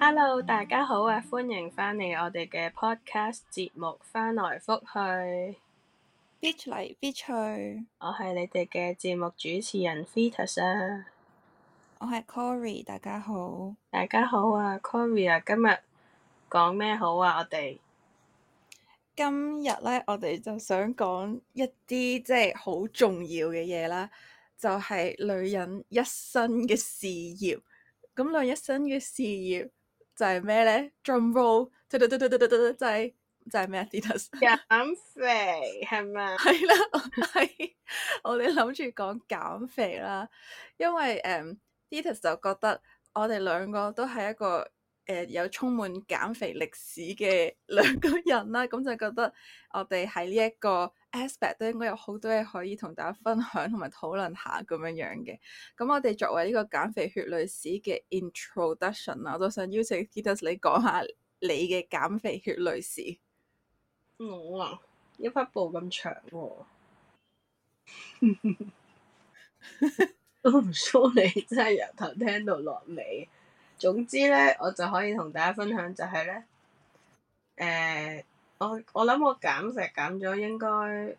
Hello 大家好啊！歡迎返嚟我哋嘅 podcast 節目，翻來覆去，Bitch 嚟 Bitch 去，我係你哋嘅節目主持人 Fetus 啊。我係 Corey，大家好。大家好啊，Corey 啊，Cor ia, 今日講咩好啊？我哋今日呢，我哋就想講一啲即係好重要嘅嘢啦，就係女人一生嘅事業。咁女一生嘅事業。就係咩咧？Drum roll，對就係、係、就係咩？Ditas 減肥係咪？係啦，係我哋諗住講減肥啦，因為誒 Ditas 就覺得我哋兩個都係一個誒有充滿減肥歷史嘅兩個人啦，咁、嗯、就覺得我哋喺呢一個。aspect 都應該有好多嘢可以同大家分享同埋討論下咁樣樣嘅。咁我哋作為呢個減肥血女史嘅 introduction 我都想邀請 k i t u s 你講下你嘅減肥血歷史。我啊、哦，一匹布咁長喎、哦， 都唔 show 你真係由頭聽到落尾。總之呢，我就可以同大家分享就係呢。誒、呃。我我諗我減肥減咗應該，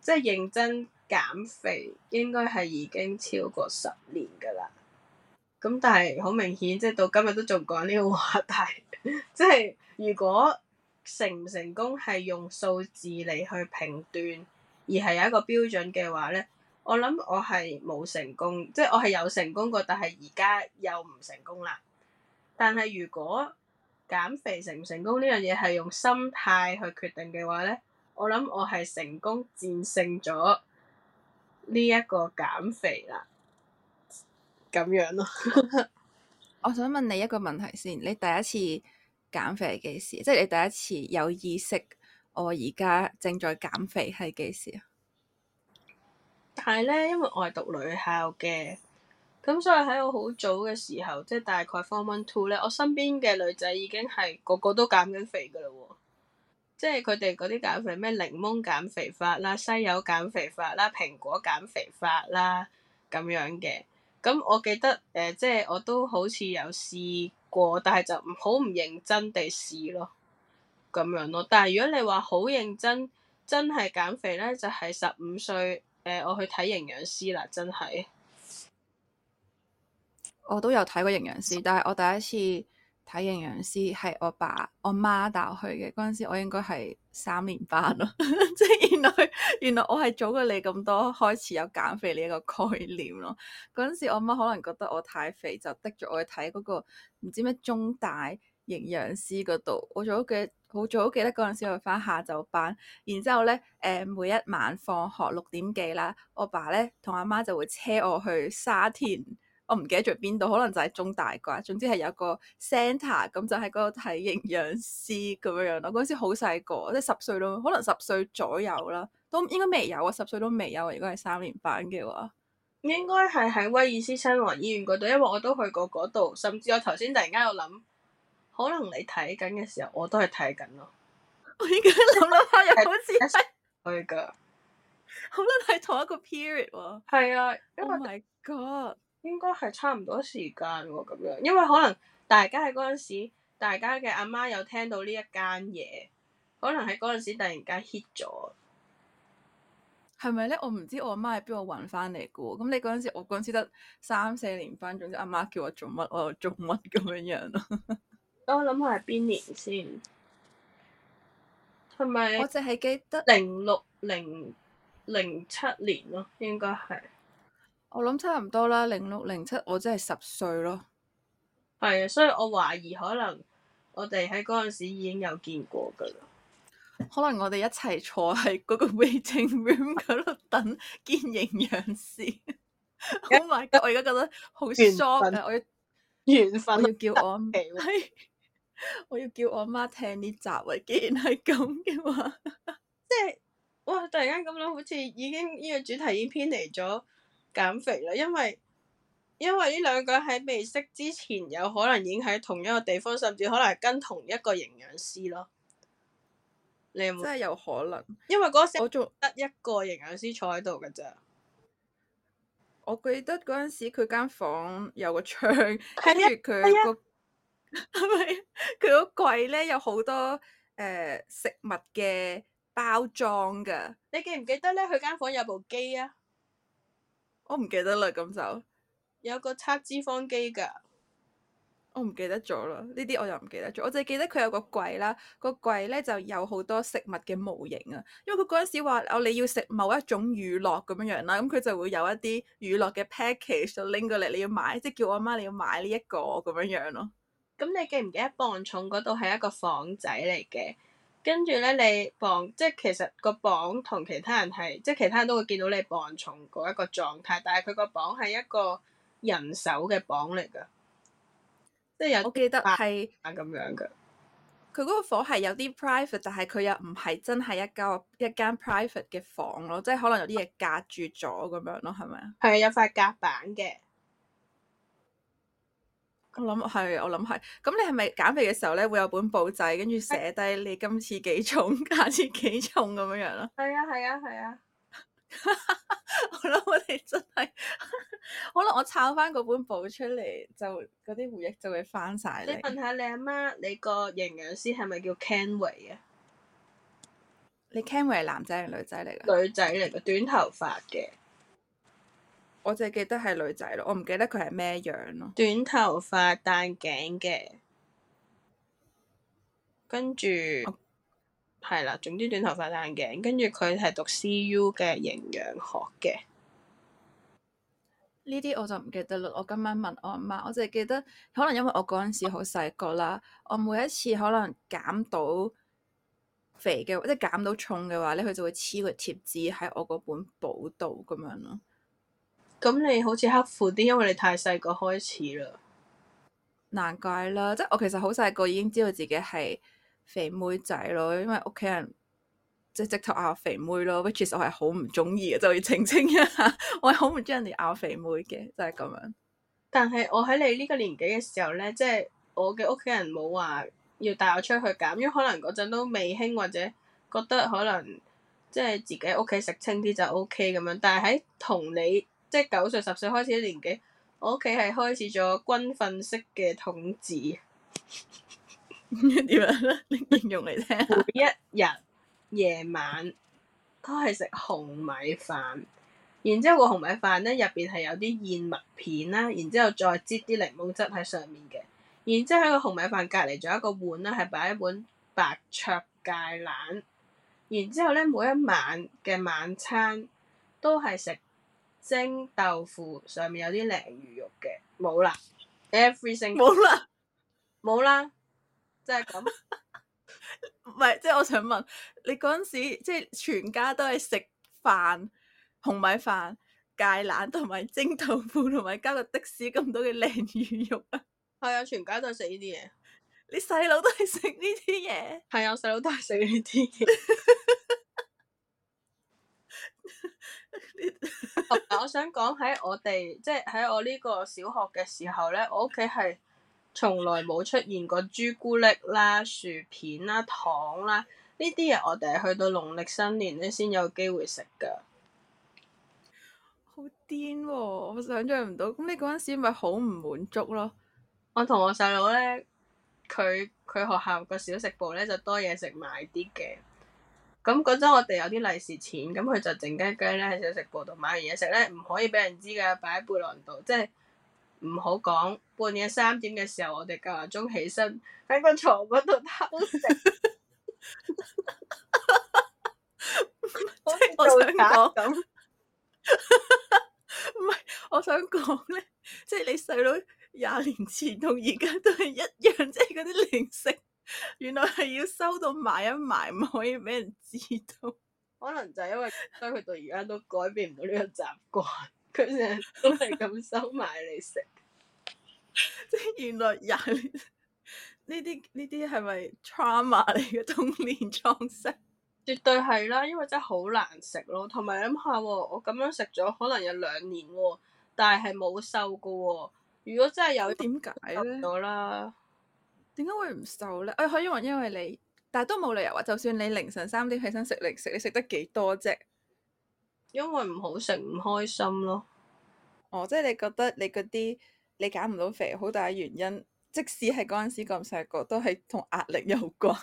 即係認真減肥應該係已經超過十年㗎啦。咁但係好明顯，即係到今日都仲講呢個話題。即係如果成唔成功係用數字嚟去評斷，而係有一個標準嘅話咧，我諗我係冇成功，即係我係有成功過，但係而家又唔成功啦。但係如果減肥成唔成功呢樣嘢係用心態去決定嘅話呢，我諗我係成功戰勝咗呢一個減肥啦，咁樣咯。 我想問你一個問題先，你第一次減肥係幾時？即係你第一次有意識，我而家正在減肥係幾時啊？但係呢，因為我係讀女校嘅。咁、嗯、所以喺我好早嘅時候，即係大概 form one two 咧，我身邊嘅女仔已經係個個都減緊肥噶啦喎，即係佢哋嗰啲減肥咩檸檬減肥法啦、西柚減肥法啦、蘋果減肥法啦咁樣嘅。咁、嗯、我記得誒、呃，即係我都好似有試過，但係就唔好唔認真地試咯，咁樣咯。但係如果你話好認真，真係減肥咧，就係十五歲誒、呃，我去睇營養師啦，真係。我都有睇過營養師，但係我第一次睇營養師係我爸我媽帶我去嘅。嗰陣時我應該係三年班咯，即 係，原來原來我係早過你咁多開始有減肥呢一個概念咯。嗰陣時我媽可能覺得我太肥，就逼住我去睇嗰、嗰個唔知咩中大營養師嗰度。我仲記好早記得嗰陣時我翻下晝班，然之後咧誒每一晚放學六點幾啦，我爸咧同阿媽就會車我去沙田。我唔記得住邊度，可能就係中大啩。總之係有個 centre 咁，就喺嗰度睇營養師咁樣樣咯。嗰陣時好細個，即十歲咯，可能十歲左右啦，都應該未有啊。十歲都未有，如果係三年班嘅話，應該係喺威爾斯親王醫院嗰度，因為我都去過嗰度。甚至我頭先突然間有諗，可能你睇緊嘅時候，我都係睇緊咯。 我而家諗諗下，又 好似係去㗎，的好啦，係同一個 period 喎、啊。係啊，Oh my God！應該係差唔多時間喎，咁樣，因為可能大家喺嗰陣時，大家嘅阿媽有聽到呢一間嘢，可能喺嗰陣時突然間 hit 咗，係咪咧？我唔知我阿媽喺邊度搵翻嚟嘅，咁你嗰陣時，我嗰陣時得三四年班，總之阿媽叫我做乜我又做乜咁樣樣咯。我諗下係邊年先，係咪？我淨係記得零六、零零七年咯，應該係。我諗差唔多啦，零六零七，我真係十歲咯。係啊，所以我懷疑可能我哋喺嗰陣時已經有見過噶啦。可能我哋一齊坐喺嗰個 waiting room 嗰度等見營養師。Oh my god！我而家覺得好 strong 分我要緣分，要叫我媽，奇奇 我要叫我媽聽呢集啊！既然係咁嘅話， 即係哇！突然間咁樣，好似已經呢個主題已經偏離咗。減肥啦，因為因為呢兩個喺未識之前，有可能已經喺同一個地方，甚至可能係跟同一個營養師咯。你有冇？真係有可能。因為嗰時我仲還得一個營養師坐喺度噶咋，我記得嗰陣時佢間房有個窗，跟住佢個係咪？佢個櫃咧有好多誒、呃、食物嘅包裝噶。你記唔記得咧？佢間房有部機啊？我唔記得啦，咁就有個測脂肪機噶。我唔記得咗啦，呢啲我又唔記得咗。我淨係記得佢有個櫃啦，個櫃咧就有好多食物嘅模型啊。因為佢嗰陣時話哦，你要食某一種娛樂咁樣樣啦，咁佢就會有一啲娛樂嘅 package 拎過嚟，你要買，即係叫我媽你要買呢一個咁樣樣咯。咁你記唔記得磅重嗰度係一個房仔嚟嘅？跟住咧，你磅即係其實個磅同其他人係，即係其他人都會見到你磅重嗰一個狀態，但係佢個磅係一個人手嘅磅嚟噶，即係有。我記得係啊咁樣噶。佢嗰個房係有啲 private，但係佢又唔係真係一間一間 private 嘅房咯，即係可能有啲嘢隔住咗咁樣咯，係咪啊？係有塊隔板嘅。我諗係，我諗係。咁你係咪減肥嘅時候咧，會有本簿仔，跟住寫低你今次幾重，下次幾重咁樣樣咯？係啊，係啊，係啊。 我諗我哋真係， 可能我抄翻嗰本簿出嚟，就嗰啲回憶就會翻晒嚟。你問下你阿媽，你個營養師係咪叫 Kenway 啊？你 Kenway 係男仔定女仔嚟噶？女仔嚟嘅，短頭髮嘅。我就記得係女仔咯，我唔記得佢係咩樣咯。短頭髮戴鏡嘅，跟住係啦，總之短頭髮戴眼鏡，跟住佢係讀 CU 嘅營養學嘅。呢啲我就唔記得啦。我今晚問我阿媽，我就係記得可能因為我嗰陣時好細個啦，我每一次可能減到肥嘅，或者減到重嘅話咧，佢就會黐個貼紙喺我嗰本簿度咁樣咯。咁你好似刻苦啲，因為你太細個開始啦，難怪啦。即係我其實好細個已經知道自己係肥妹仔咯，因為屋企人即係直頭嗌肥妹咯。 which is 我係好唔中意嘅，就要澄清，清一下， 我係好唔中意人哋嗌肥妹嘅，就係、是、咁樣。但係我喺你呢個年紀嘅時候咧，即、就、係、是、我嘅屋企人冇話要帶我出去減，因為可能嗰陣都未興，或者覺得可能即係、就是、自己喺屋企食清啲就 O K 咁樣。但係喺同你。即係九歲十歲開始嘅年紀，我屋企係開始咗軍訓式嘅統治，唔知點樣啦，拎嚟用嚟聽。每一日夜晚都係食紅米飯，然之後個紅米飯咧入邊係有啲燕麥片啦，然之後再擠啲檸檬汁喺上面嘅，然之後喺個紅米飯隔籬仲有一個碗啦，係擺一碗白灼芥蘭，然之後咧每一晚嘅晚餐都係食。蒸豆腐上面有啲鯪魚肉嘅，冇啦。Everything 冇啦，冇啦，即係咁。唔係，即係我想問你嗰陣時，即係全家都係食飯、紅米飯、芥蘭同埋蒸豆腐，同埋加個的士咁多嘅鯪魚肉啊！係啊，全家都係食呢啲嘢。你細佬都係食呢啲嘢？係啊，我細佬都係食呢啲嘢。 嗯、我想講喺我哋即係喺我呢個小學嘅時候咧，我屋企係從來冇出現過朱古力啦、薯片啦、糖啦呢啲嘢。我哋係去到農曆新年咧先有機會食㗎。好癲喎、喔！我想像唔到，咁你嗰陣時咪好唔滿足咯？我同我細佬咧，佢佢學校個小食部咧就多嘢食買啲嘅。咁嗰陣我哋有啲利是錢，咁佢就靜雞雞咧喺小食部度買完嘢食咧，唔可以俾人知噶，擺喺背囊度，即係唔好講。半夜三點嘅時候，我哋夠鐘起身喺 個床度偷食。 即係我想講，唔係 我想講咧，即係你細佬廿年前同而家都係一樣，即係嗰啲零食。原來係要收到埋一埋，唔可以俾人知道。可能就係因為所以佢到而家都改變唔到呢個習慣，佢成日都係咁收埋你食。即係原來廿年呢啲呢啲，係咪 trauma 嚟嘅童年創傷？絕對係啦，因為真係好難食咯。同埋諗下，我咁樣食咗可能有兩年，但係係冇瘦過。如果真係有，點解咧？點解會唔瘦咧？誒可以話因為你，但係都冇理由話，就算你凌晨三點起身食零食，你食得幾多啫？因為唔好食，唔開心咯。哦，即係你覺得你嗰啲你減唔到肥，好大嘅原因，即使係嗰陣時咁細個，都係同壓力有關。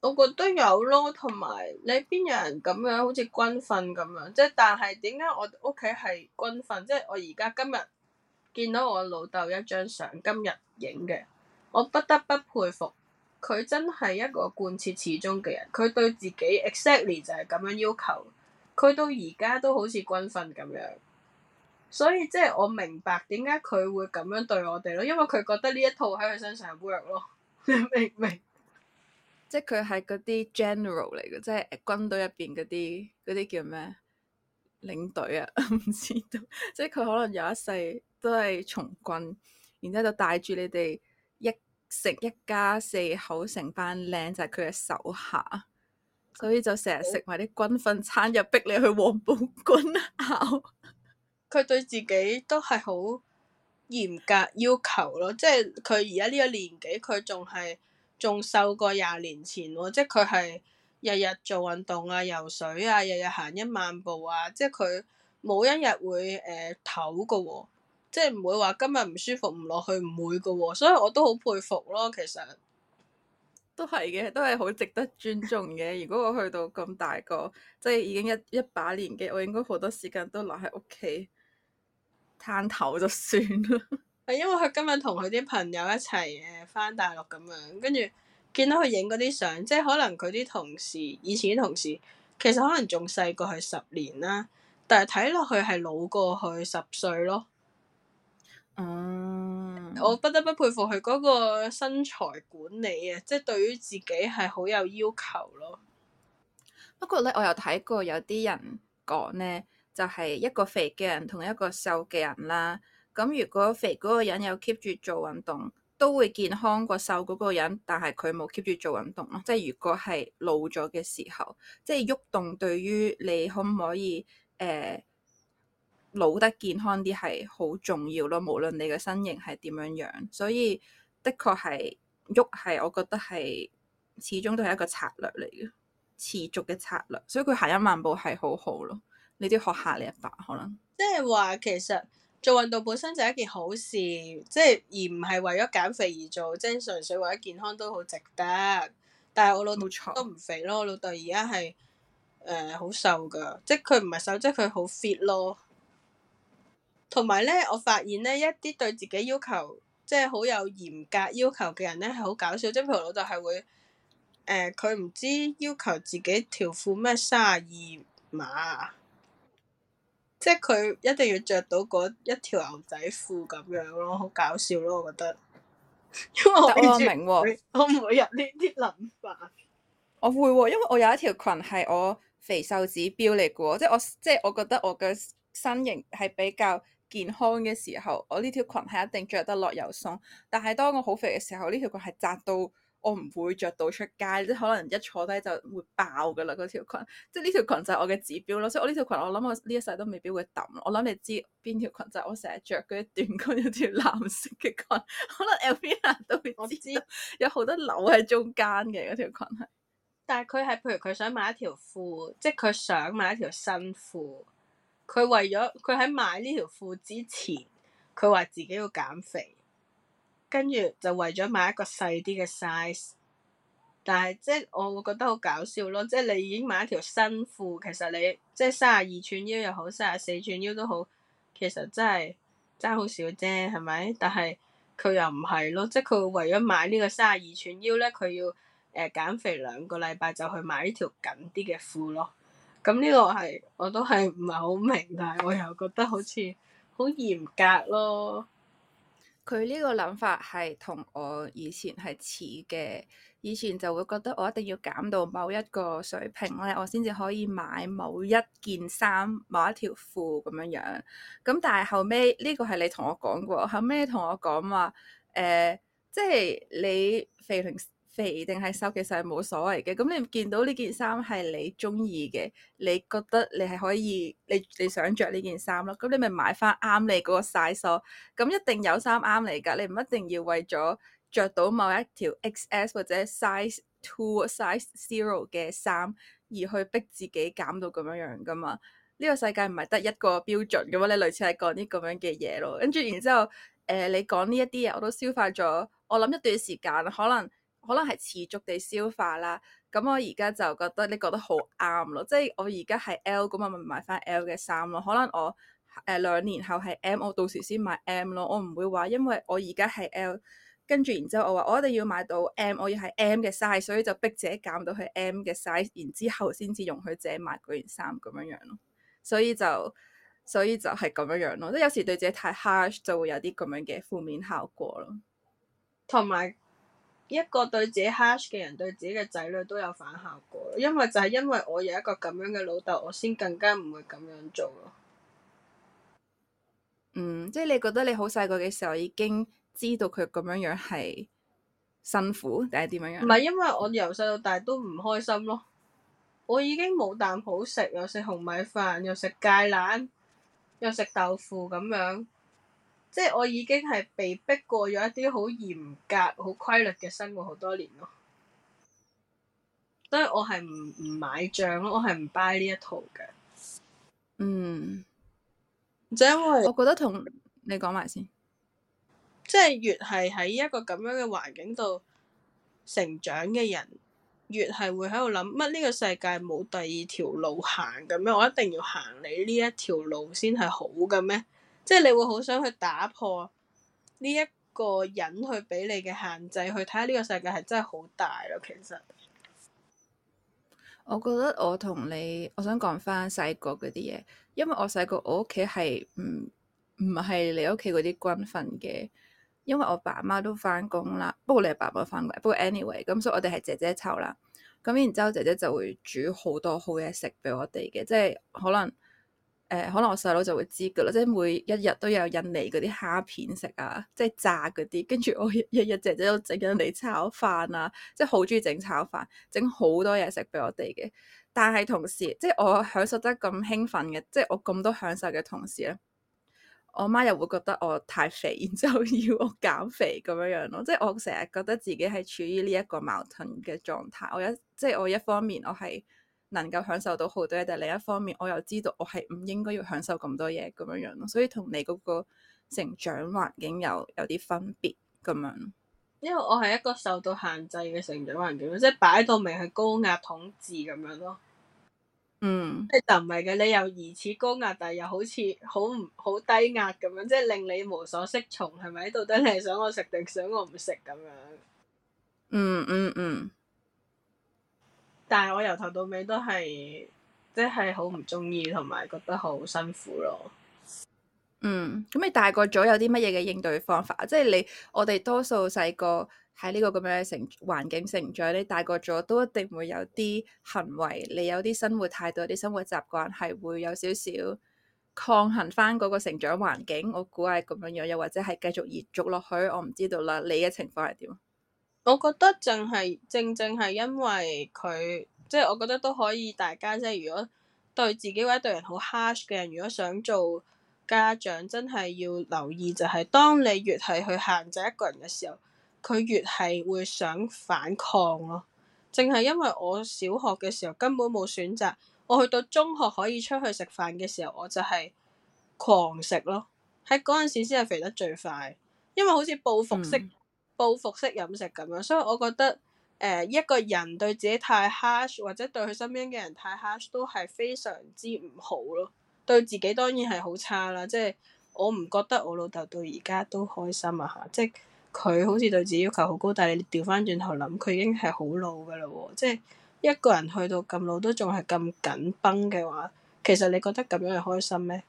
我覺得有咯，同埋你邊有人咁樣好似軍訓咁樣，即係但係點解我屋企係軍訓？即係我而家今日見到我老豆一張相，今日影嘅。我不得不佩服，佢真係一個貫徹始終嘅人。佢對自己 exactly 就係咁樣要求，佢到而家都好似軍訓咁樣。所以即係我明白點解佢會咁樣對我哋咯，因為佢覺得呢一套喺佢身上 work 咯，明唔明？即係佢係嗰啲 general 嚟嘅，即係軍隊入邊嗰啲嗰啲叫咩？領隊啊，唔 知道。即係佢可能有一世都係從軍，然之後就帶住你哋。食一家四口成班靚就係佢嘅手下，所以就成日食埋啲軍訓餐，又逼你去黃埔軍校。佢對自己都係好嚴格要求咯，即係佢而家呢個年紀，佢仲係仲瘦過廿年前喎，即係佢係日日做運動啊，游水啊，日日行一萬步啊，即係佢冇一日會誒唞噶喎。呃即係唔會話今日唔舒服唔落去，唔會噶喎、哦，所以我都好佩服咯。其實都係嘅，都係好值得尊重嘅。 如果我去到咁大個，即係已經一一把年紀，我應該好多時間都留喺屋企攤頭就算啦。係 因為佢今日同佢啲朋友一齊誒返大陸咁樣，跟住見到佢影嗰啲相，即係可能佢啲同事以前啲同事，其實可能仲細過佢十年啦，但係睇落去係老過佢十歲咯。嗯，我不得不佩服佢嗰個身材管理啊，即係，對於自己係好有要求咯。不過咧，我有睇過有啲人講呢，就係一個肥嘅人同一個瘦嘅人啦。咁如果肥嗰個人有 keep 住做運動，都會健康過瘦嗰個人，但係佢冇 keep 住做運動咯。即係如果係老咗嘅時候，即係喐動對於你可唔可以誒？呃老得健康啲係好重要咯，無論你嘅身形係點樣樣，所以的確係喐係，我覺得係始終都係一個策略嚟嘅，持續嘅策略。所以佢行一萬步係好好咯，你都要學下呢一法可能。即係話其實做運動本身就係一件好事，即係而唔係為咗減肥而做，即係純粹為咗健康都好值得。但係我老豆錯都唔肥咯，我老豆而家係誒好瘦㗎，即係佢唔係瘦，即係佢好 fit 咯。同埋咧，我發現咧，一啲對自己要求即係好有嚴格要求嘅人咧，係好搞笑。即譬如老豆係會誒，佢、呃、唔知要求自己條褲咩卅二碼，即係佢一定要着到嗰一條牛仔褲咁樣咯，好搞笑咯，我覺得。 因為我，我明喎，我唔會有呢啲諗法。我會喎、哦，因為我有一條裙係我肥瘦指標嚟嘅喎，即係我即係我覺得我嘅身形係比較健康嘅時候，我呢條裙係一定着得落又鬆。但係當我好肥嘅時候，呢條裙係窄到我唔會着到出街，即係可能一坐低就會爆噶啦嗰條裙。即係呢條裙就係我嘅指標咯。所以我呢條裙，我諗我呢一世都未必會揼。我諗你知邊條裙就係我成日着嗰條短裙，嗰條藍色嘅裙。 可能 Elvina 都會知。我知有好多紐喺中間嘅嗰條裙係。但係佢係譬如佢想買一條褲，即係佢想買一條新褲。佢為咗佢喺買呢條褲之前，佢話自己要減肥，跟住就為咗買一個細啲嘅 size 但。但係即係我會覺得好搞笑咯，即係你已經買一條新褲，其實你即係三十二寸腰又好，三十四寸腰都好，其實真係爭好少啫，係咪？但係佢又唔係咯，即係佢為咗買呢個三十二寸腰咧，佢要誒，呃，減肥兩個禮拜就去買呢條緊啲嘅褲咯。咁呢個係我都係唔係好明，但係我又覺得好似好嚴格咯。佢呢個諗法係同我以前係似嘅，以前就會覺得我一定要減到某一個水平咧，我先至可以買某一件衫、某一條褲咁樣樣。咁但係後尾，呢個係你同我講過，後尾同我講話，誒、呃，即係你肥騰。肥定係瘦，其實係冇所謂嘅。咁你見到呢件衫係你中意嘅，你覺得你係可以，你你想着呢件衫咯。咁你咪買翻啱你嗰個 size 咯。咁一定有衫啱你㗎，你唔一定要為咗着到某一條 XS 或者 size two size zero 嘅衫而去逼自己減到咁樣樣㗎嘛？呢、呢個世界唔係得一個標準嘅嘛？你類似係講啲咁樣嘅嘢咯。跟住然之後，誒、呃、你講呢一啲嘢，我都消化咗。我諗一段時間，可能～可能係持續地消化啦，咁我而家就覺得你覺得好啱咯，即係我而家係 L 咁我咪買翻 L 嘅衫咯。可能我誒兩、呃、年後係 M，我到時先買 M 咯。我唔會話，因為我而家係 L，跟住然之後我話我一定要買到 M，我要係 M 嘅 size，所以就逼自己減到去 M 嘅 size，然之後先至容許自己買嗰件衫咁樣樣咯。所以就所以就係咁樣樣咯。即係有時對自己太 harsh 就會有啲咁樣嘅負面效果咯，同埋。一個對自己 harsh 嘅人，對自己嘅仔女都有反效果，因為就係因為我有一個咁樣嘅老豆，我先更加唔會咁樣做咯。嗯，即係你覺得你好細個嘅時候已經知道佢咁樣樣係辛苦，定係點樣樣？唔係，因為我由細到大都唔開心咯。我已經冇啖好食，又食紅米飯，又食芥蘭，又食豆腐咁樣。即係我已經係被逼過咗一啲好嚴格、好規律嘅生活好多年咯，所以我係唔唔買賬咯，我係唔 buy 呢一套嘅。嗯，就因為我覺得同你講埋先，即係越係喺一個咁樣嘅環境度成長嘅人，越係會喺度諗乜呢個世界冇第二條路行嘅咩？咁樣我一定要行你呢一條路先係好嘅咩？即係你會好想去打破呢一個人去俾你嘅限制，去睇下呢個世界係真係好大咯。其實我覺得我同你，我想講翻細個嗰啲嘢，因為我細個我屋企係唔唔係你屋企嗰啲軍訓嘅，因為我爸媽都翻工啦。不過你爸爸翻工，不過 anyway，咁所以我哋係姐姐湊啦。咁然之後姐姐就會煮好多好嘢食俾我哋嘅，即係可能。誒可能我細佬就會知㗎喇，即係每一日都有印尼嗰啲蝦片食啊，即係炸嗰啲，跟住我日日姐姐都整印尼炒飯啊，即係好中意整炒飯，整好多嘢食俾我哋嘅。但係同時，即係我享受得咁興奮嘅，即係我咁多享受嘅同時咧，我媽又會覺得我太肥，然之後要我減肥咁樣樣咯。即係我成日覺得自己係處於呢一個矛盾嘅狀態。我一即係我一方面我係。能夠享受到好多嘢，但係另一方面，我又知道我係唔應該要享受咁多嘢咁樣樣咯。所以同你嗰個成長環境有有啲分別咁樣。因為我係一個受到限制嘅成長環境，即係擺到明係高壓統治咁樣咯。嗯。即唔係嘅，你又疑似高壓，但又好似好唔好低壓咁樣，即係令你無所適從係咪？到底你係想我食定想我唔食咁樣？嗯嗯嗯。嗯嗯。但係我由頭到尾都係，即係好唔鍾意同埋覺得好辛苦咯。嗯，咁你大個咗有啲乜嘢嘅應對方法啊？即係你我哋多數細個喺呢個咁樣嘅成環境成長，你大個咗都一定會有啲行為，你有啲生活態度、有啲生活習慣，係會有少少抗衡返嗰個成長環境。我估係咁樣樣，又或者係繼續延續落去，我唔知道啦。你嘅情況係點？我覺得正係正正係因為佢，即係我覺得都可以，大家即係如果對自己或者對人好 harsh 嘅人，如果想做家長，真係要留意就係、是，當你越係去限制一個人嘅時候，佢越係會想反抗咯、啊。正係因為我小學嘅時候根本冇選擇，我去到中學可以出去食飯嘅時候，我就係狂食咯。喺嗰陣時先係肥得最快，因為好似報復式。嗯報復式飲食咁樣，所以我覺得誒、呃、一個人對自己太 harsh，或者對佢身邊嘅人太 harsh，都係非常之唔好咯。對自己當然係好差啦，即係我唔覺得我老豆到而家都開心啊嚇，即係佢好似對自己要求好高，但係你調翻轉頭諗，佢已經係好老噶嘞喎㗎喇，即係一個人去到咁老都仲係咁緊繃嘅話，其實你覺得咁樣係開心咩？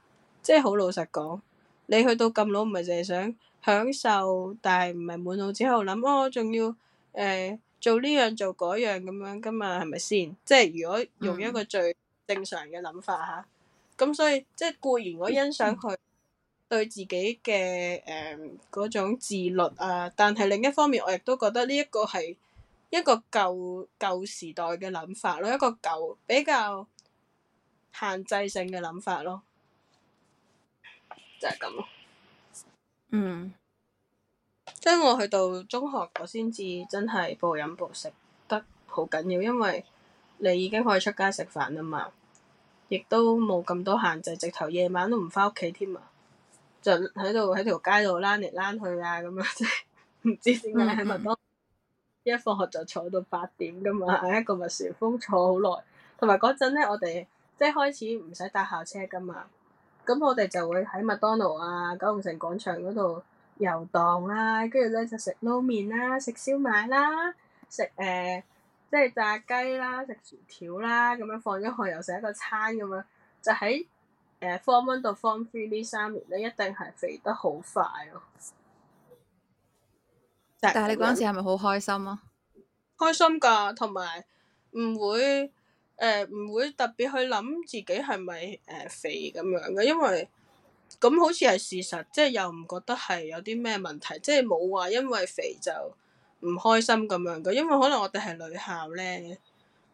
即係好老實講。你去到咁老唔係淨係想享受，但係唔係滿腦之後諗哦，仲要誒、呃、做呢樣做嗰樣咁樣噶嘛，係咪先？嗯、即係如果用一個最正常嘅諗法嚇，咁所以即係固然我欣賞佢對自己嘅誒嗰種自律啊，但係另一方面我亦都覺得呢一個係一個舊舊時代嘅諗法咯，一個舊比較限制性嘅諗法咯。就係咁咯。嗯，即係我去到中學，我先至真係暴飲暴食得好緊要，因為你已經可以出街食飯啦嘛，亦都冇咁多限制，直頭夜晚都唔返屋企添啊，就喺度喺條街度拉嚟拉去啊，咁樣，即係唔知點解喺麥當，一放學就坐到八點噶嘛，係一個麥旋風坐好耐，同埋嗰陣咧，我哋即係開始唔使搭校車噶嘛。咁我哋就會喺麥當勞啊、九龍城廣場嗰度遊蕩啦、啊，跟住咧就食撈麵啦、啊、食燒賣啦、啊、食誒、呃，即係炸雞啦、啊、食薯條啦、啊，咁樣放咗學又食一個餐咁樣，就喺誒、呃、form one 到 form three 呢三年咧，一定係肥得好快咯、啊。但係你嗰陣時係咪好開心啊？開心㗎，同埋唔會。誒唔、呃、會特別去諗自己係咪誒肥咁樣嘅，因為咁好似係事實，即係又唔覺得係有啲咩問題，即係冇話因為肥就唔開心咁樣嘅。因為可能我哋係女校咧，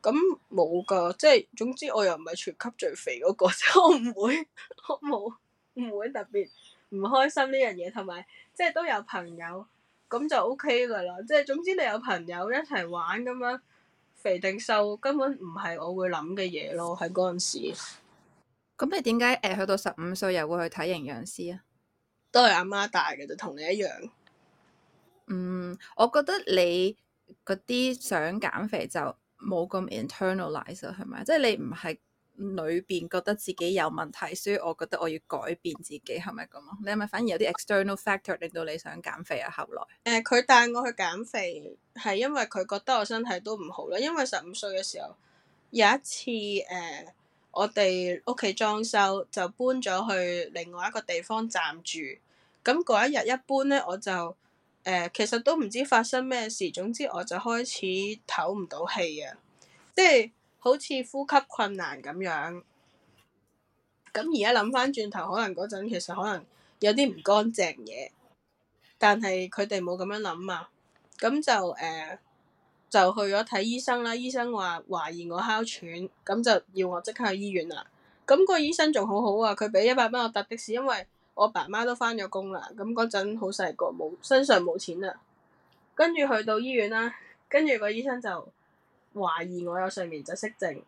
咁冇噶，即係總之我又唔係全級最肥嗰、嗰個，我唔會，好冇唔會特別唔開心呢樣嘢，同埋即係都有朋友咁就 OK 噶啦，即係總之你有朋友一齊玩咁樣。肥定瘦根本唔係我會諗嘅嘢咯，喺嗰陣時。咁你點解誒去到十五歲又會去睇營養師啊？都係阿媽帶嘅就同你一樣。嗯，我覺得你嗰啲想減肥就冇咁 internalize 啊，係咪？即係你唔係。裏邊覺得自己有問題，所以我覺得我要改變自己，係咪咁啊？你係咪反而有啲 external factor 令到你想減肥啊？後來誒，佢、呃、帶我去減肥係因為佢覺得我身體都唔好啦，因為十五歲嘅時候有一次誒、呃，我哋屋企裝修就搬咗去另外一個地方暫住，咁嗰一日一搬咧我就誒、呃，其實都唔知發生咩事，總之我就開始唞唔到氣啊，即係。好似呼吸困難咁樣，咁而家諗翻轉頭，可能嗰陣其實可能有啲唔乾淨嘢，但係佢哋冇咁樣諗啊，咁就誒、呃、就去咗睇醫生啦。醫生話懷疑我哮喘，咁就要我即刻去醫院啦。咁個醫生仲好好啊，佢俾一百蚊我搭的士，因為我爸媽都返咗工啦。咁嗰陣好細個，冇身上冇錢啦，跟住去到醫院啦，跟住個醫生就。懷疑我有睡眠窒息症，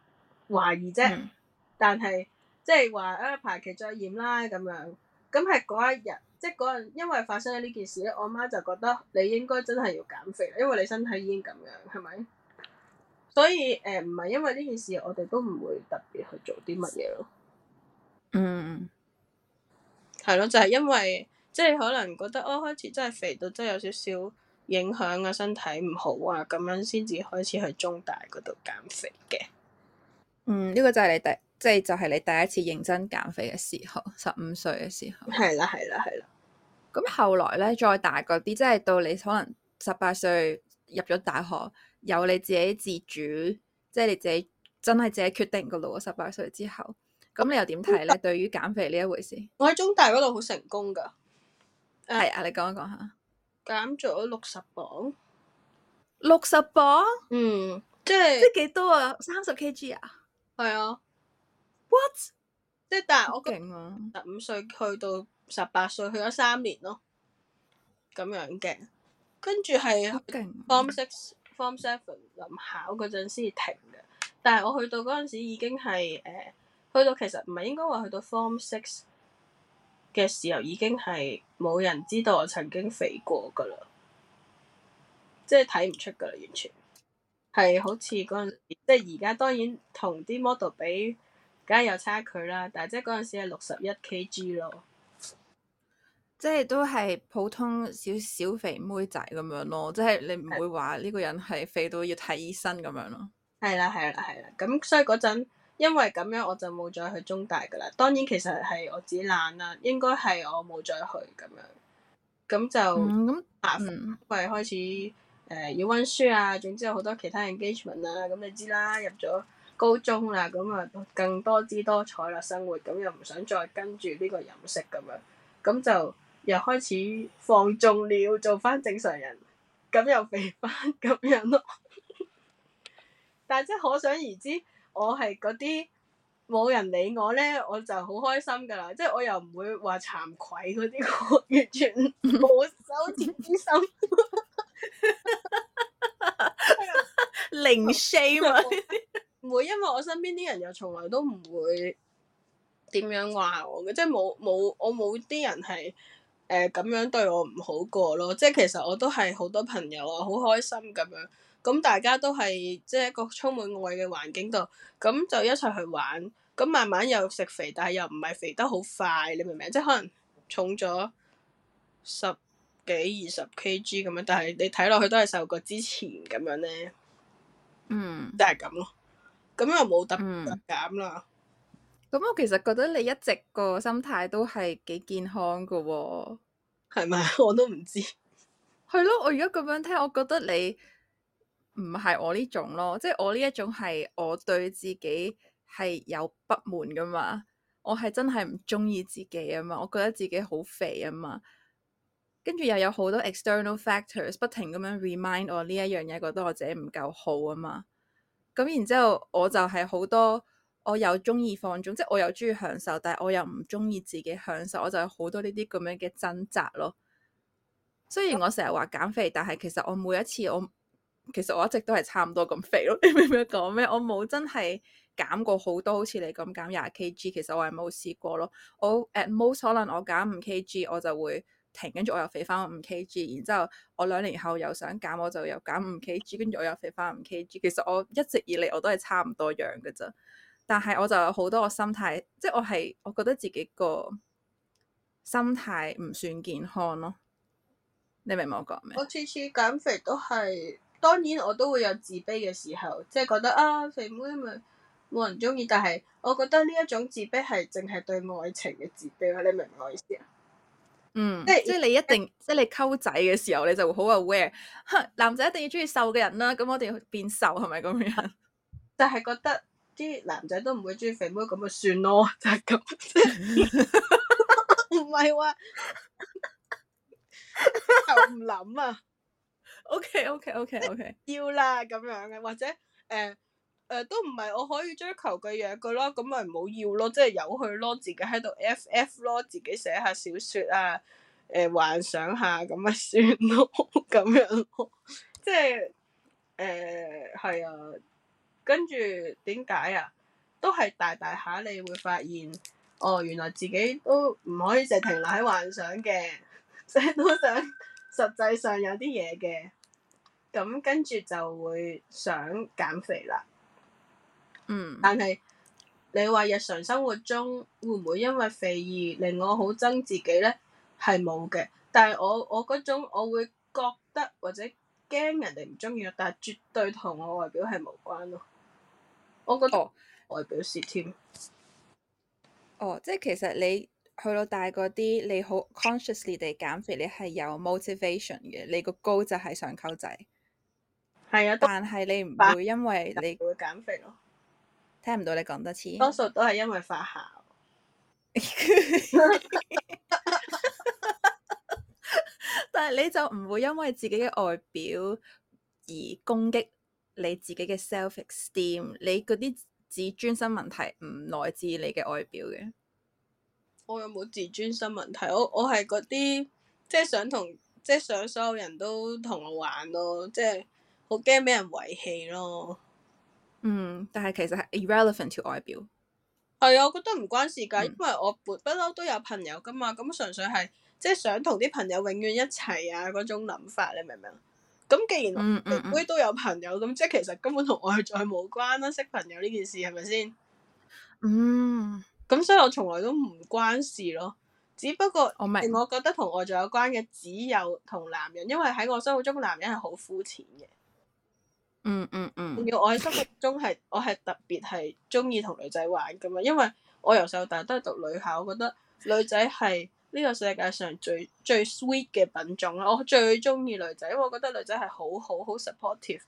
懷疑啫，但係即係話啊排期再驗啦咁樣，咁係嗰一日，即係嗰陣，因為發生咗呢件事咧，我媽就覺得你應該真係要減肥，因為你身體已經咁樣，係咪？所以誒，唔係因為呢件事，我哋都唔會特別去做啲乜嘢咯。嗯，係咯，就係因為即係可能覺得哦，開始真係肥到真係有少少。影響啊，身體唔好啊，咁樣先至開始去中大嗰度減肥嘅。嗯，呢、這個就係你第，即係就係、是、你第一次認真減肥嘅時候，十五歲嘅時候。係啦，係啦，係啦。咁後來咧，再大個啲，即係到你可能十八歲入咗大學，有你自己自主，即、就、係、是、你自己真係自己決定嘅路。十八歲之後，咁你又點睇咧？哦、對於減肥呢一回事？我喺中大嗰度好成功噶。係啊，你講一講下。減咗六十磅，六十磅，嗯，即係是即係幾多啊？三十 K G 啊？係啊，What？即係但係我勁啊，十五歲去到十八歲去咗三年咯，咁樣嘅，跟住係 form six、好勁啊、form seven 臨考嗰陣先停嘅，但係我去到嗰陣時已經係誒、呃，去到其實唔係應該話去到 form six 嘅時候已經係冇人知道我曾經肥過噶啦，即係睇唔出噶啦，完全係好似嗰陣，即係而家當然同啲 model 比梗係有差距啦，但係即係嗰陣時係六十一 kg 咯，即係都係普通少少肥妹仔咁樣咯，即係你唔會話呢個人係肥到要睇醫生咁樣咯。係啦，係啦，係啦，咁所以嗰陣。因為咁樣我就冇再去中大噶啦。當然其實係我自己懶啦，應該係我冇再去咁樣。咁就咁啊，嗯嗯、因為開始誒、呃、要温書啊，總之有好多其他 engagement 啊。咁你知啦，入咗高中啦，咁啊更多姿多彩啦生活，咁又唔想再跟住呢個飲食咁樣，咁就又開始放縱了，做返正常人，咁又肥返咁樣咯。 但係即係可想而知。我係嗰啲冇人理我咧，我就好開心噶啦，即係我又唔會話慚愧嗰啲，我完全冇羞恥之心， 零 shame 啊！唔 會，因為我身邊啲人又從來都唔會點樣話我嘅，即係冇冇我冇啲人係誒咁樣對我唔好過咯，即係其實我都係好多朋友啊，好開心咁樣。咁大家都係即係一個充滿愛嘅環境度，咁就一齊去玩，咁慢慢又食肥，但係又唔係肥得好快，你明唔明？即係可能重咗十幾二十 KG 咁樣，但係你睇落去都係瘦過之前咁樣咧、嗯嗯，嗯，都係咁咯，咁又冇特特減啦。咁我其實覺得你一直個心態都係幾健康噶、哦，係咪？我都唔知，係咯， 我而家咁樣聽，我覺得你。唔係我呢種咯，即係我呢一種係我對自己係有不滿噶嘛。我係真係唔中意自己啊嘛，我覺得自己好肥啊嘛。跟住又有好多 external factors 不停咁樣 remind 我呢一樣嘢，覺得我自己唔夠好啊嘛。咁然之後我就係好多，我又中意放縱，即係我又中意享受，但係我又唔中意自己享受，我就有好多呢啲咁樣嘅掙扎咯。雖然我成日話減肥，但係其實我每一次我。其實我一直都係差唔多咁肥咯，你明唔明講咩？我冇真係減過好多，好似你咁減廿 kg。其實我係冇試過咯。我 at most 可能我減五 kg，我就會停，跟住我又肥翻五 kg。然之後我兩年後又想減，我就又減五 kg，跟住我又肥翻五 kg。其實我一直以嚟我都係差唔多樣噶咋。但係我就有好多個心態，即係我係我覺得自己個心態唔算健康咯。你明唔明我講咩？我次次減肥都係。當然我都會有自卑嘅時候，即係覺得啊，肥妹咪冇人中意。但係我覺得呢一種自卑係淨係對愛情嘅自卑，你明唔明我意思啊？嗯，就是、即係即係你一定即係是你溝仔嘅時候，你就會好 Aware。男仔一定要中意瘦嘅人啦，咁我哋變瘦係咪咁樣？就係覺得啲男仔都唔會中意肥妹，妹，咁咪算咯，就係咁。唔係話，唔 諗啊！How okay O K O K O K O K 要啦咁樣嘅，或者誒誒、呃呃，都唔係我可以追求嘅嘢嘅咯，咁咪唔好要咯，即係由去咯，自己喺度 F F 咯，自己寫下小說啊，誒、呃、幻想下咁咪算咯，咁樣咯，即係誒係啊，跟住點解啊？都係大大下你會發現哦，原來自己都唔可以淨係停留喺幻想嘅，即係都想。實際上有啲嘢嘅，咁跟住就會想減肥啦。嗯。但係你話日常生活中會唔會因為肥而令我好憎自己呢？係冇嘅，但係我我嗰種我會覺得或者驚人哋唔中意，但係絕對同我外表係無關咯。我覺得、哦、外表是添。哦，即係其實你。去到大嗰啲，你好 consciously 地減肥，你係有 motivation 嘅，你個高就係想溝仔。係啊，但係你唔會因為你會減肥咯，聽唔到你講多次。多數都係因為發姣，但係你就唔會因為自己嘅外表而攻擊你自己嘅 self-esteem，你嗰啲自尊心問題唔來自你嘅外表嘅。我有冇自尊心問題？我我係嗰啲即係想同即係想所有人都同我玩咯，即係好驚俾人遺棄咯。嗯，但係其實係 irrelevant to 外表。係啊，我覺得唔關事噶，嗯、因為我活不嬲都有朋友噶嘛，咁純粹係即係想同啲朋友永遠一齊啊嗰種諗法，你明唔明？咁既然唔妹，妹都有朋友，咁、嗯嗯嗯、即係其實根本同外在冇關啦、啊，嗯、識朋友呢件事係咪先？是是嗯。咁所以我從來都唔關事咯，只不過我,我覺得同外在有關嘅只有同男人，因為喺我心目中男人係好膚淺嘅。嗯嗯嗯。仲要我喺心目中係我係特別係中意同女仔玩噶嘛，因為我由細到大都係讀女校，我覺得女仔係呢個世界上最最 sweet 嘅品種啦，我最中意女仔，因為我覺得女仔係好好好 supportive，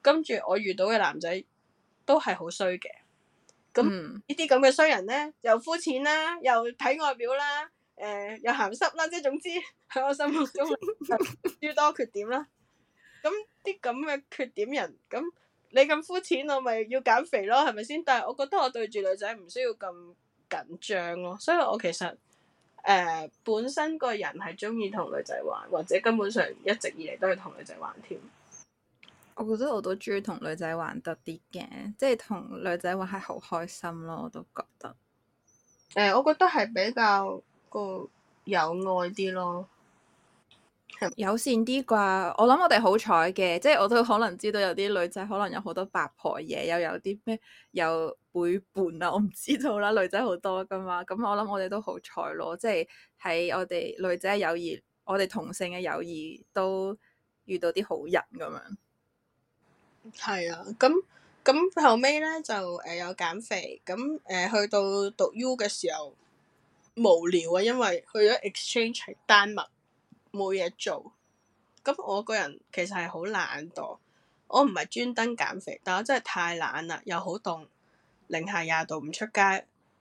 跟住我遇到嘅男仔都係好衰嘅。咁、嗯、呢啲咁嘅衰人咧，又膚淺啦，又睇外表啦，誒、呃、又鹹濕啦，即係總之喺我心目中 要多缺點啦。咁啲咁嘅缺點人，咁你咁膚淺，我咪要減肥咯，係咪先？但係我覺得我對住女仔唔需要咁緊張咯、哦，所以我其實誒、呃、本身個人係中意同女仔玩，或者根本上一直以嚟都係同女仔玩添。我覺得我都中意同女仔玩得啲嘅，即係同女仔玩係好開心咯。我都覺得誒、欸，我覺得係比較個友愛啲咯，友善啲啩。我諗我哋好彩嘅，即係我都可能知道有啲女仔可能有好多八婆嘢，又有啲咩有背叛啊。我唔知道啦，女仔好多㗎嘛。咁我諗我哋都好彩咯，即係喺我哋女仔嘅友誼，我哋同性嘅友誼都遇到啲好人咁樣。係啊，咁咁後尾咧就誒、呃、有減肥，咁誒、呃、去到讀 U 嘅時候無聊啊，因為去咗 exchange 喺丹麥冇嘢做，咁我個人其實係好懶惰，我唔係專登減肥，但我真係太懶啦，又好凍，零下廿度唔出街，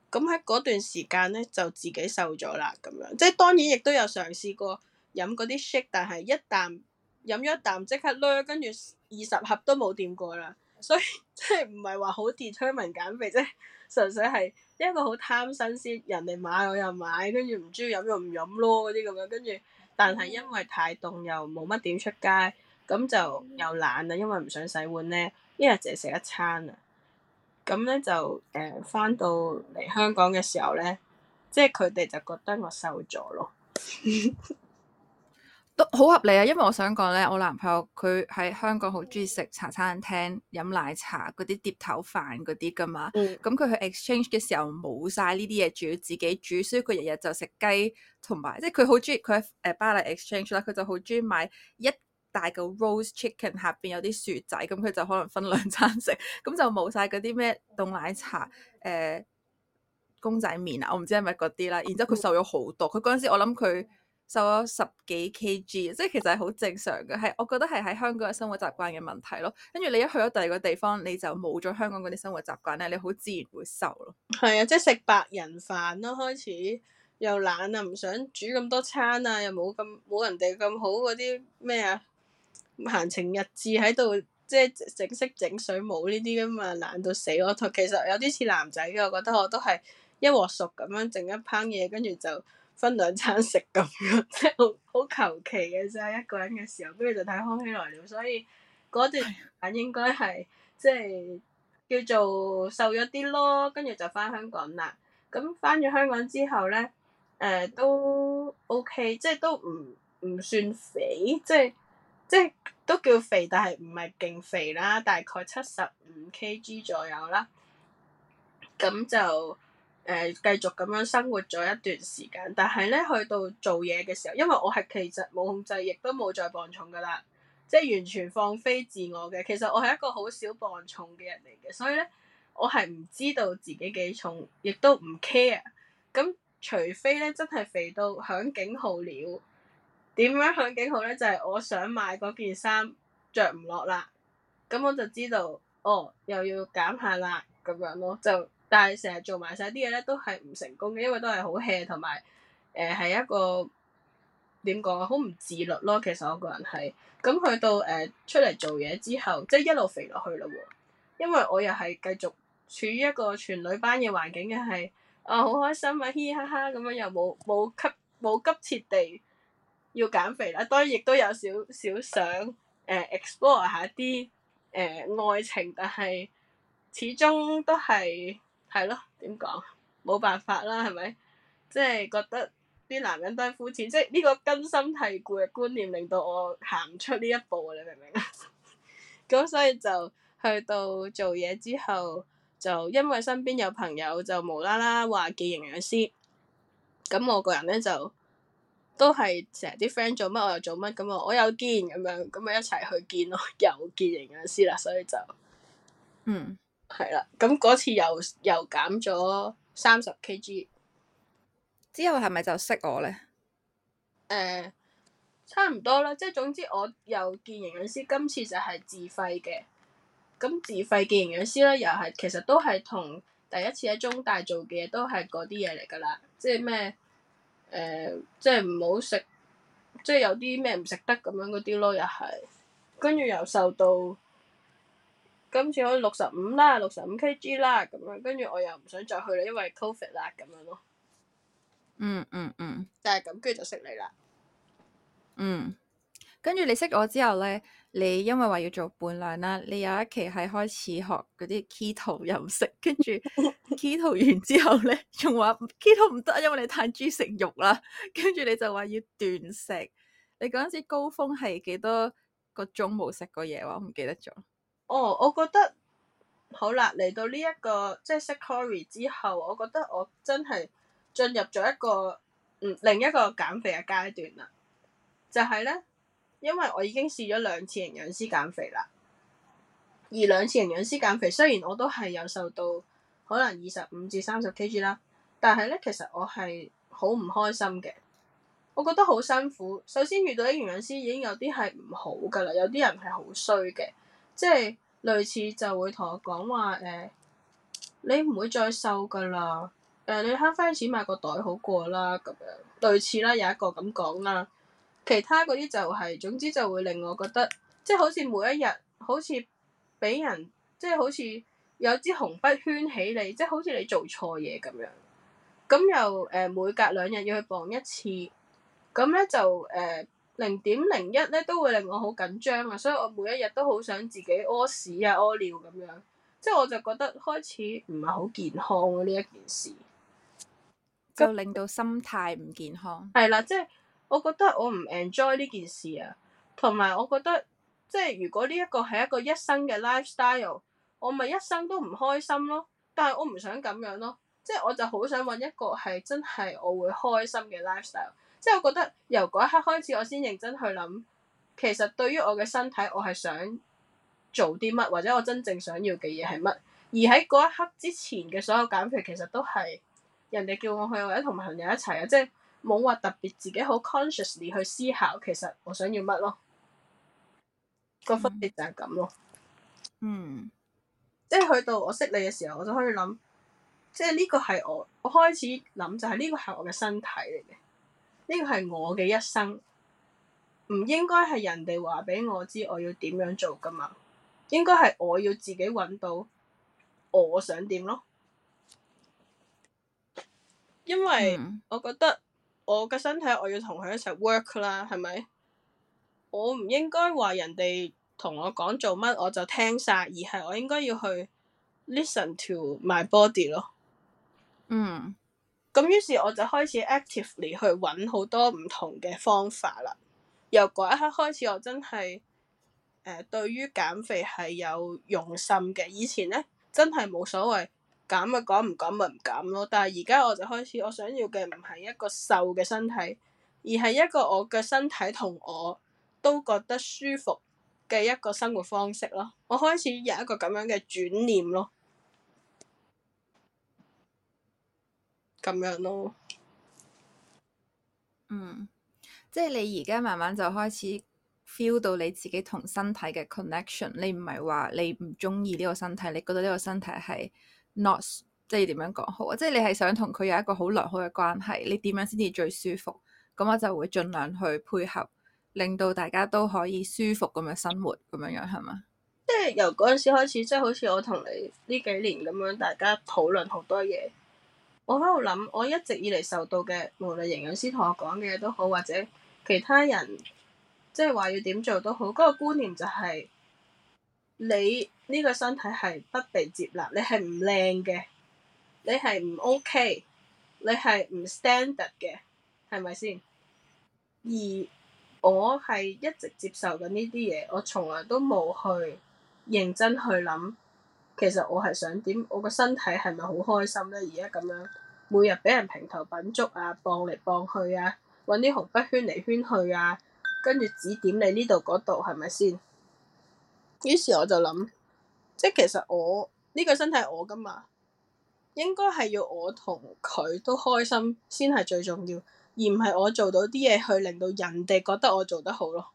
咁喺嗰段時間咧就自己瘦咗啦咁樣，即係當然亦都有嘗試過飲嗰啲 shake，但係一啖……飲咗一啖即刻甩，跟住二十盒都冇掂過啦，所以即係唔係話好 determine 減肥啫，純粹係一個好貪新鮮，人哋買我又買，跟住唔中意飲又唔飲咯嗰啲咁樣，跟住但係因為太凍又冇乜點出街，咁就又懶啦，因為唔想洗碗咧，一日淨係食一餐啊，咁咧就誒翻、呃、到嚟香港嘅時候咧，即係佢哋就覺得我瘦咗咯。 好合理啊，因為我想講咧，我男朋友佢喺香港好中意食茶餐廳、飲奶茶嗰啲碟頭飯嗰啲㗎嘛。咁佢、嗯、去 exchange 嘅時候冇晒呢啲嘢，煮自己煮，所以佢日日就食雞同埋，即係佢好中意佢喺誒巴黎 exchange 啦，佢就好中意買一大嚿 rose chicken，下邊有啲薯仔，咁佢就可能分兩餐食，咁就冇晒嗰啲咩凍奶茶誒、呃、公仔麪啊，我唔知係咪嗰啲啦。然之後佢瘦咗好多，佢嗰陣時我諗佢。瘦咗十幾 kg，即係其實係好正常嘅，係我覺得係喺香港嘅生活習慣嘅問題咯。跟住你一去咗第二個地方，你就冇咗香港嗰啲生活習慣咧，你好自然會瘦咯。係啊，即係食白人飯啦，開始又懶啊，唔想煮咁多餐啊，又冇咁冇人哋咁好嗰啲咩啊，閒情逸致喺度即係整色整水呢啲㗎嘛，懶到死，我其實有啲似男仔嘅，我覺得我都係一鑊熟咁樣整一烹嘢，跟住就，分兩餐食咁樣，即係好求其嘅啫，一個人嘅時候，跟住就睇康熙來了，所以嗰段時間應該係即係叫做瘦咗啲咯，跟住就翻香港啦。咁翻咗香港之後咧，誒、呃、都 OK，即係都唔唔算肥，即係即係都叫肥，但係唔係勁肥啦，大概七十五 KG 左右啦。咁就。誒、呃、繼續咁樣生活咗一段時間，但係咧去到做嘢嘅時候，因為我係其實冇控制，亦都冇再磅重噶啦，即係完全放飛自我嘅。其實我係一個好少磅重嘅人嚟嘅，所以咧我係唔知道自己幾重，亦都唔 care。咁除非咧真係肥到響警號了，點樣響警號咧？就係、是、我想買嗰件衫着唔落啦，咁我就知道哦，又要減下啦咁樣咯，就。但係成日做埋晒啲嘢咧，都係唔成功嘅，因為都係好 hea 同埋，誒係、呃、一個點講啊，好唔自律咯。其實我個人係咁去到誒、呃、出嚟做嘢之後，即係一路肥落去嘞喎。因為我又係繼續處於一個全女班嘅環境嘅係，我好、哦、開心啊，嘻嘻哈哈咁樣又冇冇急冇急切地要減肥啦。當然亦都有少少想誒、呃、explore 下啲誒、呃、愛情，但係始終都係。係咯，點講冇辦法啦，係咪？即係覺得啲男人都係膚淺，即係呢個根深蒂固嘅觀念令到我行唔出呢一步。你明唔明？咁 所以就去到做嘢之後，就因為身邊有朋友就無啦啦話見營養師，咁我個人咧就都係成日啲 friend 做乜我又做乜咁啊，我有見咁樣，咁咪一齊去見咯，又見營養師啦，所以就嗯。係啦，咁嗰次又又減咗三十 kg，之後係咪就識我咧？誒、呃，差唔多啦，即係總之我又見營養師，今次就係自費嘅，咁自費嘅營養師咧，又係其實都係同第一次喺中大做嘅嘢都係嗰啲嘢嚟噶啦，即係咩？誒、呃，即係唔好食，即係有啲咩唔食得咁樣嗰啲咯，又係，跟住又受到。今次我六十五啦，六十五 kg 啦，咁樣跟住我又唔想再去啦，因為 COVID 啦咁樣咯。嗯嗯嗯，但係咁，跟住就識你啦。嗯，嗯嗯，跟住你識我之後咧，你因為話要做伴娘啦，你有一期係開始學嗰啲 keto 又唔食，跟住 keto 完之後咧，仲話 keto 唔得，因為你太中食肉啦，跟住你就話要斷食。你嗰陣時高峰係幾多個鐘冇食過嘢？我唔記得咗。哦，我覺得好啦，嚟到呢、這、一個即係識 Harry 之後，我覺得我真係進入咗一個、嗯、另一個減肥嘅階段啦。就係、是、咧，因為我已經試咗兩次營養師減肥啦。而兩次營養師減肥，雖然我都係有瘦到可能二十五至三十 KG 啦，但係咧，其實我係好唔開心嘅。我覺得好辛苦。首先遇到啲營養師已經有啲係唔好噶啦，有啲人係好衰嘅。即係類似就會同我講話誒，你唔會再瘦噶啦，誒、呃、你慳翻啲錢買個袋好過啦，咁，類似啦，有一個咁講啦，其他嗰啲就係、是、總之就會令我覺得，即係好似每一日好似俾人即係好似有支紅筆圈起你，即係好似你做錯嘢咁樣，咁又誒、呃、每隔兩日要去磅一次，咁咧就誒。呃零點零一咧都會令我好緊張啊，所以我每一日都好想自己屙屎啊、屙尿咁樣，即係我就覺得開始唔係好健康呢、啊、一件事，就令到心態唔健康。係啦、嗯，即係我覺得我唔 enjoy 呢件事啊，同埋我覺得即係如果呢一個係一個一生嘅 lifestyle，我咪一生都唔開心咯。但係我唔想咁樣咯，即係我就好想搵一個係真係我會開心嘅 lifestyle。即係我覺得由嗰一刻開始，我先認真去諗，其實對於我嘅身體，我係想做啲乜，或者我真正想要嘅嘢係乜？而喺嗰一刻之前嘅所有減肥，其實都係人哋叫我去，或者同朋友一齊啊，即係冇話特別自己好 consciously 去思考，其實我想要乜咯？個分別就係咁咯。嗯。即係去到我識你嘅時候，我就可以諗，即係呢個係我，我開始諗就係呢個係我嘅身體嚟嘅。呢個係我嘅一生，唔應該係人哋話俾我知我要點樣做㗎嘛，應該係我要自己揾到我想點咯。因為我覺得我嘅身體我要同佢一齊 work 啦，係咪？我唔應該話人哋同我講做乜我就聽晒，而係我應該要去 listen to my body 咯。嗯。Mm. 咁於是我就開始 actively 去揾好多唔同嘅方法啦。由嗰一刻開始，我真係誒、呃、對於減肥係有用心嘅。以前咧真係冇所謂減咪減，唔減咪唔減咯。但係而家我就開始，我想要嘅唔係一個瘦嘅身體，而係一個我嘅身體同我都覺得舒服嘅一個生活方式咯。我開始有一個咁樣嘅轉念咯。咁樣咯，嗯，即係你而家慢慢就開始 feel 到你自己同身體嘅 connection。你唔係話你唔中意呢個身體，你覺得呢個身體係 not 即係點樣講好啊？即係你係想同佢有一個好良好嘅關係，你點樣先至最舒服？咁我就會盡量去配合，令到大家都可以舒服咁樣生活，咁樣樣係嘛？即係由嗰陣時開始，即係好似我同你呢幾年咁樣，大家討論好多嘢。我喺度諗，我一直以嚟受到嘅，無論營養師同我講嘅嘢都好，或者其他人即係話要點做都好，嗰個觀念就係你呢個身體係不被接納，你係唔靚嘅，你係唔 OK，你係唔 standard 嘅，係咪先？而我係一直接受緊呢啲嘢，我從來都冇去認真去諗，其實我係想點？我個身體係咪好開心咧？而家咁樣。每日畀人評頭品足啊，磅嚟磅去啊，搵啲紅筆圈嚟圈去啊，跟住指點你呢度嗰度係咪先？是是 於是我就諗，即係其實我呢個身體我㗎嘛，應該係要我同佢都開心先係最重要，而唔係我做到啲嘢去令到人哋覺得我做得好咯。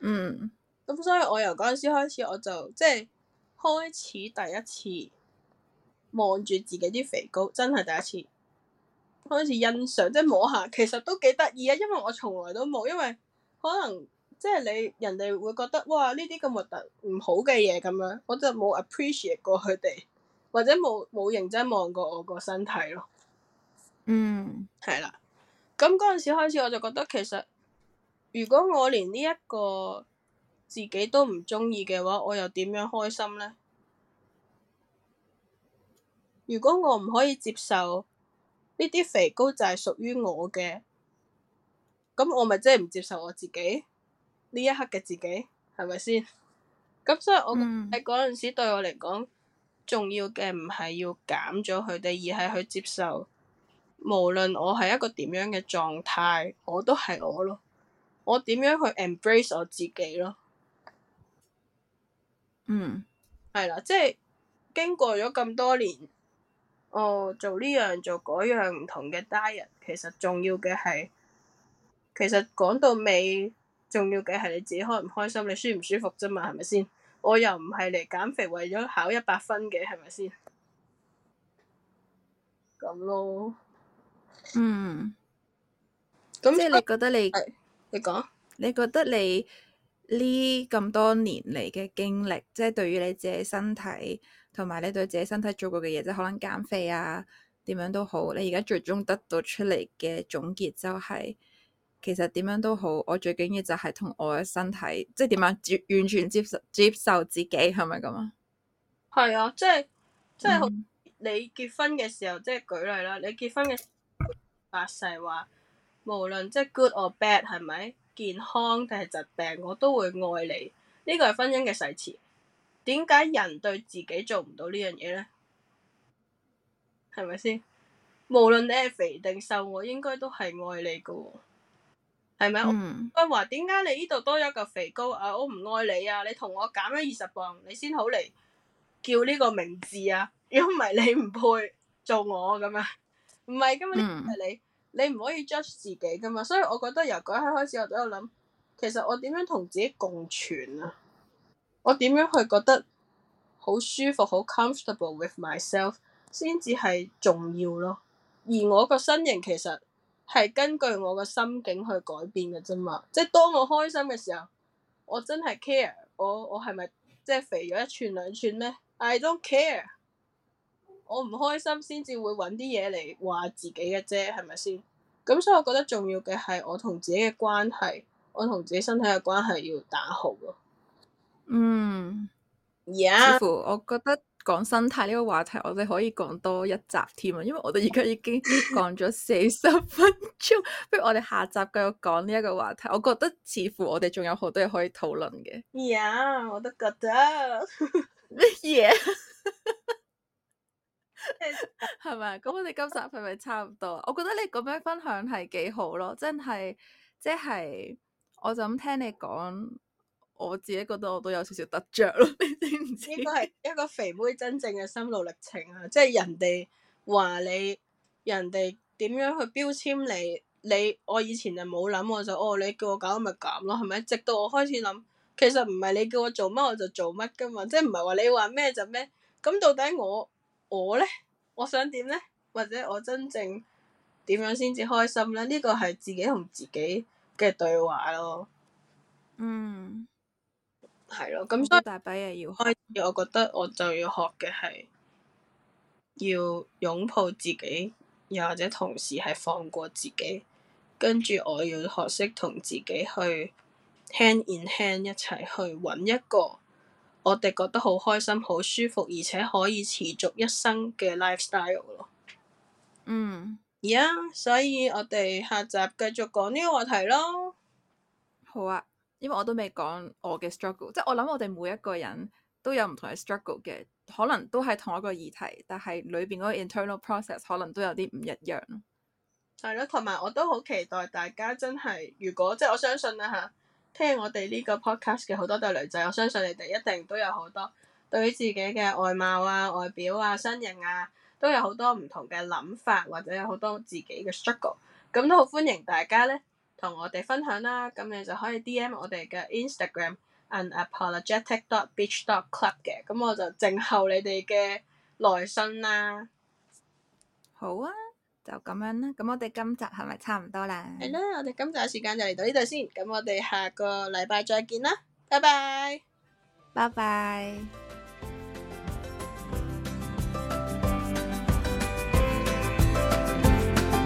嗯，咁所以我由嗰陣時開始，我就即係開始第一次。望住自己啲肥膏，真係第一次，開始欣賞，即係摸下，其實都幾得意啊！因為我從來都冇，因為可能即係你人哋會覺得哇，呢啲咁核突唔好嘅嘢咁樣，我就冇 appreciate 過佢哋，或者冇冇認真望過我個身體咯。嗯，係啦。咁嗰陣時開始我就覺得，其實如果我連呢一個自己都唔中意嘅話，我又點樣開心咧？如果我唔可以接受呢啲肥膏就係屬於我嘅，咁我咪真係唔接受我自己呢一刻嘅自己，係咪先？咁、嗯、所以我喺嗰陣時對我嚟講，重要嘅唔係要減咗佢哋，而係去接受，無論我係一個點樣嘅狀態，我都係我咯。我點樣去 embrace 我自己咯？嗯，係啦，即係經過咗咁多年。哦，做呢樣做嗰樣唔同嘅 diet，其實重要嘅係，其實講到尾，重要嘅係你自己開唔開心，你舒唔舒服啫嘛，係咪先？我又唔係嚟減肥為咗考一百分嘅，係咪先？咁咯。嗯。咁，嗯，即係你覺得你，你講。你覺得你呢咁多年嚟嘅經歷，即係對於你自己身體。同埋你對自己身體做過嘅嘢，即係可能減肥啊，點樣都好。你而家最終得到出嚟嘅總結就係、是，其實點樣都好，我最緊要就係同我嘅身體，即係點樣接完全接受接受自己，係咪咁啊？係啊，即係即係好似你結婚嘅時候，嗯、即係舉例啦。你結婚嘅誓話，無論即係 good or bad，係咪健康定係疾病，我都會愛你。呢個係婚姻嘅誓詞。點解人對自己做唔到呢樣嘢咧？係咪先？無論你係肥定瘦，我應該都係愛你噶，哦，係咪啊？唔係話點解你呢度多咗嚿肥膏啊？我唔愛你啊！你同我減咗二十磅，你先好嚟叫呢個名字啊！如果唔係，你唔配做我咁啊？唔係，嗯、你唔係你，你唔可以 judge 自己噶嘛。所以我覺得由嗰一刻開始，我都有諗，其實我點樣同自己共存啊？我點樣去覺得好舒服、好 comfortable with myself 先至係重要咯。而我個身形其實係根據我個心境去改變嘅啫嘛。即係當我開心嘅時候，我真係 care 我我係咪即係肥咗一寸兩寸咩？I don't care。我唔開心先至會揾啲嘢嚟話自己嘅啫，係咪先？咁所以我覺得重要嘅係我同自己嘅關係，我同自己身體嘅關係要打好咯。嗯，mm. Yeah. 似乎我覺得講生態呢個話題，我哋可以講多一集添啊，因為我哋而家已經講咗四十分鐘， 不如我哋下集繼續講呢一個話題。我覺得似乎我哋仲有好多嘢可以討論嘅。Yeah, 我都覺得咩嘢？係 咪 Yeah. 咁我哋今集係咪差唔多？我覺得你咁樣分享係幾好咯，真係，即係，我就咁聽你講。我自己覺得我都有少少得着咯，你唔知，知？呢個係一個肥妹真正嘅心路歷程啊！即係人哋話你，人哋點樣去標籤你，你我以前就冇諗，我就哦，你叫我搞咪咁咯，係咪？直到我開始諗，其實唔係你叫我做乜我就做乜噶嘛，即係唔係話你話咩就咩？咁到底我我咧，我想點咧？或者我真正點樣先至開心咧？呢個係自己同自己嘅對話咯。嗯。係咯，咁所以大要開始，我覺得我就要學嘅係要擁抱自己，又或者同時係放過自己，跟住我要學識同自己去 hand in hand 一齊去揾一個我哋覺得好開心、好舒服，而且可以持續一生嘅 lifestyle 咯。嗯。而家、yeah, 所以，我哋下集繼續講呢個話題咯。好啊。因為我都未講我嘅 struggle，即係我諗我哋每一個人都有唔同嘅 struggle 嘅，可能都係同一個議題，但係裏邊嗰個 internal process 可能都有啲唔一樣咯。係咯，同埋我都好期待大家真係，如果即係我相信啦嚇，聽我哋呢個 podcast 嘅好多對女仔，我相信你哋一定都有好多對於自己嘅外貌啊、外表啊、身形啊，都有好多唔同嘅諗法或者有好多自己嘅 struggle，咁都好歡迎大家咧。同我哋分享啦，咁你就可以 DM 我哋嘅 Instagram unapologetic dot beach dot club 嘅，咁我就靜候你哋嘅來信啦。好啊，就咁樣啦，咁我哋今集係咪差唔多啦？係啦，我哋今集嘅時間就嚟到呢度先，咁我哋下個禮拜再見啦，拜拜，拜拜。